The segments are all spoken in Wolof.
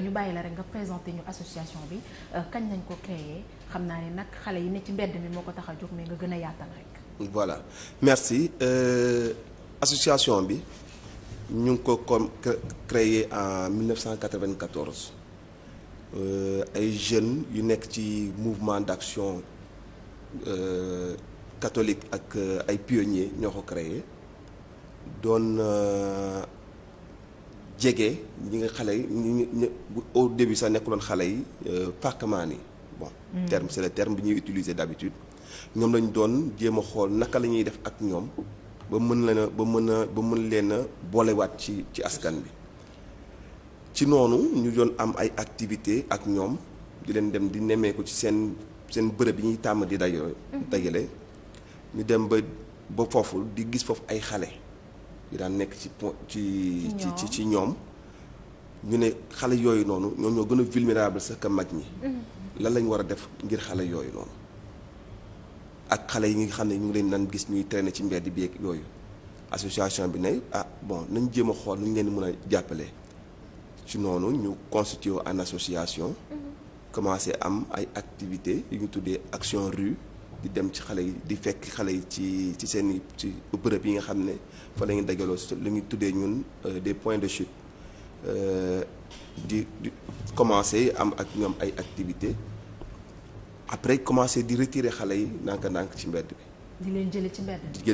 ñu bàyyi la rek nga présenté ñu association bi euh, kañ nañ ko créer xam naa ni nag xale yi ne ci mbedd mi moo ko tax a jóg mais nga gën a yaatal rek. voilà merci euh, association bi ñu ngi ko comme créé en 1994 euh, ay euh, jeunes yu nekk ci mouvement d'action euh, catholique ak euh, ay pionniers ñoo ko créé doon. jege ñi nga xale yi ñu ñu au début sax nekkuloon xale yi pàkkamaan euh, yi bon. Mm. terme c'est le terme bi ñuy utiliser d'habitude ñoom lañu doon jéem a xool naka la ñuy def ak ñoom ba mën leen a mën a ba mën leen a boolewaat ci ci askan bi ci noonu ñu doon am ay activités ak ñoom di leen dem di nemmeeku ci seen seen bërëb yi ñuy tàmm di dajoo mm-hmm. dajale ñu dem ba ba foofu di gis foofu ay xale. bi daan nekk ci ci ci ci ñoom ñu ne xale yooyu noonu ñoom ñoo gën a vulnérable sa ka mag ñi mm-hmm. lan lañ war a def ngir xale yooyu noonu ak xale yi nga xam ne ñu ngi leen naan gis ñuy traîner ci mbedd bi ak yooyu association bi ne ah bon nañ jéem a xool nu ñu leen mën a jàppale ci noonu ñu constitué en association mm-hmm. commencé am ay activités yu ñu tuddee action rue di dem ci xale yi di fekk xale yi ci ci seen ci bërëb yi nga xam ne fa la ñuy dajaloo lu ñu tuddee ñun euh, des points de chute euh, di di commencer am ak ñoom ay activités après commencer di retirer xale yi ndànk-ndànk ci mbedd bi. di leen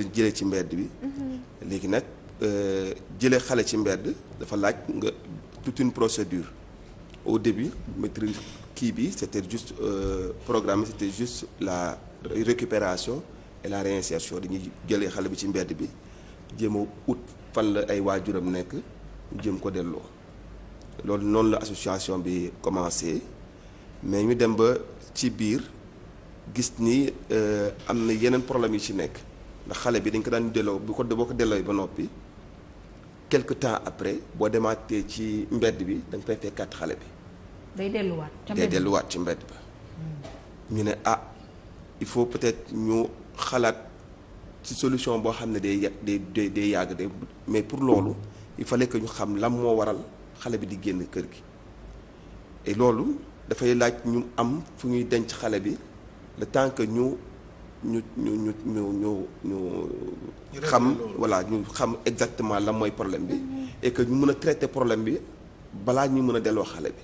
jëlee ci mbedd bi mm-hmm. léegi nag euh, jëlee xale ci mbedd dafa laaj nga tout une procédure au début maîtrise. kii bi c'était juste euh, programme c'était juste la récupération et la réinsertion dañuy jëlee xale bi ci mbedd bi jéem a ut fan la ay waajuram nekk jëm ko delloo loolu noonu la association bi commencé mais ñu dem ba ci biir gis ni euh, am na yeneen problème yi ci nekk ndax xale bi dañ ko daan delloo bu ko boo ko delloo ba noppi quelque temps après boo demaatee ci mbedd bi da nga fay fekkaat xale bi day delluwaat ca delluwaat ci mbedd ba. ñu ne ah il faut peut-être ñu xalaat ci solution boo xam ne day day day yàgg de mais pour loolu il fallait que ñu xam lan moo waral xale bi di génn kër gi. loolu dafay laaj ñu am fu ñuy denc xale bi la temps que ñu ñu ñu ñu ñu ñu ñu. xam voilà ñu xam exactement lan mooy problème bi. et que ñu mën a traiter problème bi balaa ñu mën a delloo xale bi.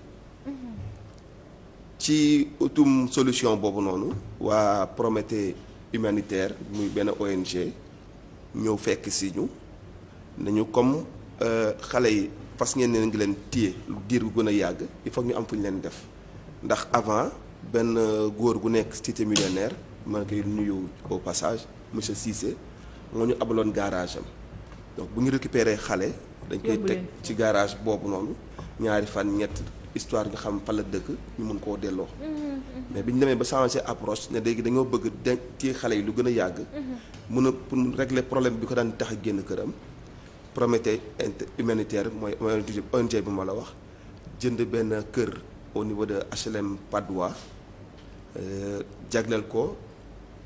ci utum solution boobu noonu waa Prométhée humanitaire muy benn ONG ñëw fekk si ñu nañu comme euh, xale yi fas ngeen ne ngi leen téye lu diir gu gën a yàgg il faut ñu am fu ñu leen def ndax avant benn góor gu nekk cité millionnaire ma koy nuyu au passage monsieur Cissé moo ñu abaloon garage am donc bu ñu récupéré xale dañ koy teg ci garage boobu noonu ñaari fan ñett histoire ñu xam fan la dëkk ñu mun koo delloo. Mm-hmm, mm-hmm. mais bi ñu demee ba changé approche ne léegi dañoo bëgg denc ci xale yi lu gën a yàgg. Mm-hmm. mun a pour régler problème bi ko daan tax génn këram. Prométhée inter humanitaire mooy ONG bi ma la wax jënd benn kër au niveau de HLM Padoua euh, jagleel ko.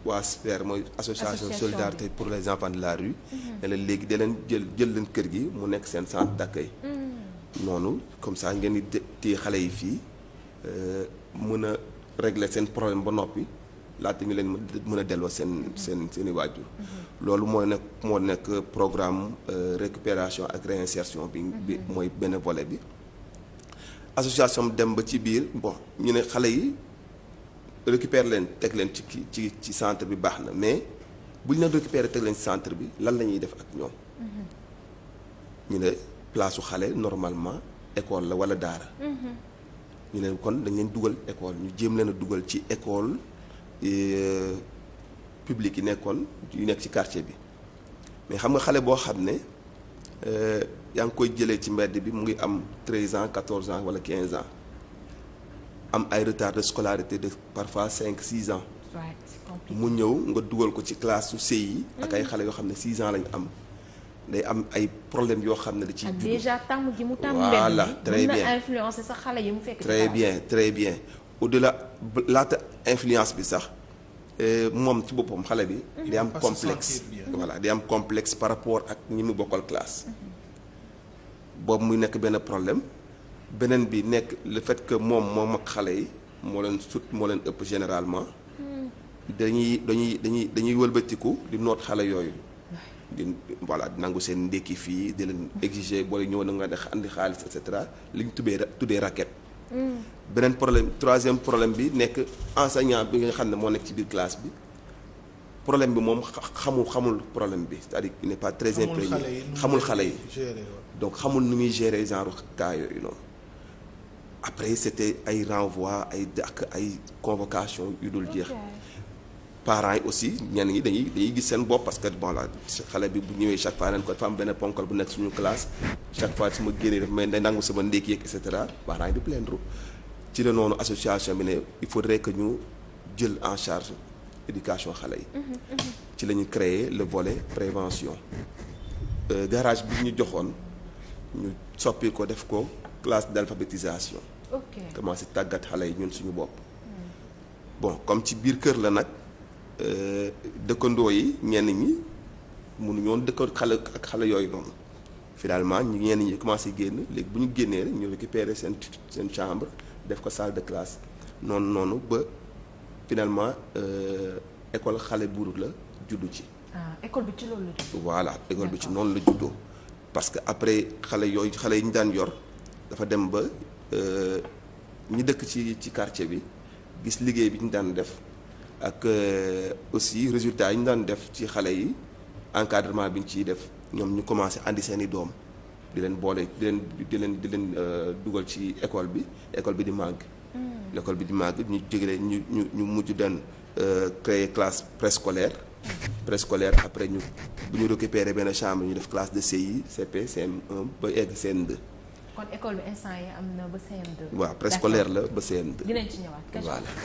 waa SPER mooy association solidarité pour les enfants de la rue ne la léegi da jël jël leen kër gi mu nekk seen centre d'accueil noonu comme ça ngeen di téye xale yi fii euh, mën a régler seen problème ba noppi laata ñu leen mën a delloo seen seen seeni i mm-hmm. loolu moo nekk moo nekk programme euh, récupération ak réinsertion bi. Mm-hmm. bi mooy benn volet bi. association dem ba ci biir bon ñu ne xale yi récupère leen teg leen ci ci ci centre bi baax na mais bu ñu leen récupéré teg leen centre bi lan la ñuy def ak ñoom. Mm-hmm. ne. placeu xale normalement école la wala daara. Mhm. ñu ne kon dañ leen dugal école ñu jéem leen a dugal ci école e, publique yi nekkoon yu nekk ci quartier bi mais xam nga xale boo xam ne e, yaa ngi koy jëlee ci mbedd bi mu ngi am 13 ans 14 ans wala 15 ans am ay retard de scolarité de parfois 5 6 ans. mu ñëw nga dugal ko ci classe su CI. ak ay mhm. xale yoo xam ne 6 ans lañ am. day am ay problème yoo xam ne da ciy ah, juddu déjà tàmm gi bien mën na influencer sax xale yi mu fekk très bien très bien au la laata influence bi sax euh, moom ci boppam xale bi mhm. day am complexe voilà day am complexe par rapport ak ñi mu bokkal classe boobu mu nekk benn problème beneen bi nekk le fait que moom moom ak xale yi moo leen sut moo leen ëpp généralement hmm. dañuy dañuy dañuy dañuy wëlbatiku di noot xale yooyu di voilà nangu seen ndékki fii di leen exiger booy ñëw na nga ne andi xaalis et cetera li ñu tuddee tuddee raquette. Mm. beneen problème troisième problème bi nekk enseignant bi nga xam ne moo nekk ci biir classe bi problème bi moom xamul xamul problème bi c'est-à-dire il n'est pas très imprégné xamul xale yi donc xamul nu muy gérer genre cas yooyu noonu après te ay renvoi ay dàkk ay convocation yu dul jeex parents yi aussi ñenn ñi dañuy dañuy gis seen bopp parce que bon la xale bi bu ñëwee chaque fois nañ ko dafa am benn ponkal bu nekk suñu classe chaque fois su ma génnee dafa mel nangu sama ndékki et cetera parents yi di plaindre ci la noonu association bi ne il faudrait que ñu jël en charge éducation xale yi. Mhm, mhm. ci la ñu créer le volet prévention. Euh, garage bi ñu joxoon ñu soppi ko def ko classe d'alphabétisation. ok commencé tàggat xale yi ñun suñu bopp. Hmm. bon comme ci biir kër la nag. Euh, dëkkandoo yi ñenn ñi mënuñoon dëkk xale ak xale yooyu noonu finalement ñu ñenn ñi commencé génn léegi bu ñu génnee ñoo ñu récupérer seen seen chambre def ko salle de classe noonu noonu ba finalement euh, école xale buuru la juddu ci. ah école bi ci la juddoo. voilà école bi ci noonu la juddoo parce que après xale yooyu xale yi ñu daan yor dafa dem ba euh, ñi dëkk ci ci quartier bi gis liggéey bi ñu daan def. ak euh, aussi résultat yi ñu daan def ci xale yi encadrement bi ñu ciy def ñoom ñu commencé andi seen i doom di leen boole di leen di leen di leen euh, dugal ci école bi école bi di màgg. Hmm. l'école bi di màgg ñu jégale ñu ñu ñu mujj daan euh, créer classe préscolaire hmm. préscolaire après ñu bu ñu récupérer benn chambre ñu def classe de CI CP CM1 ba egg CM2. kon école bi instant yi am na ba CM2. waaw préscolaire la ba seen 2 dinañ ci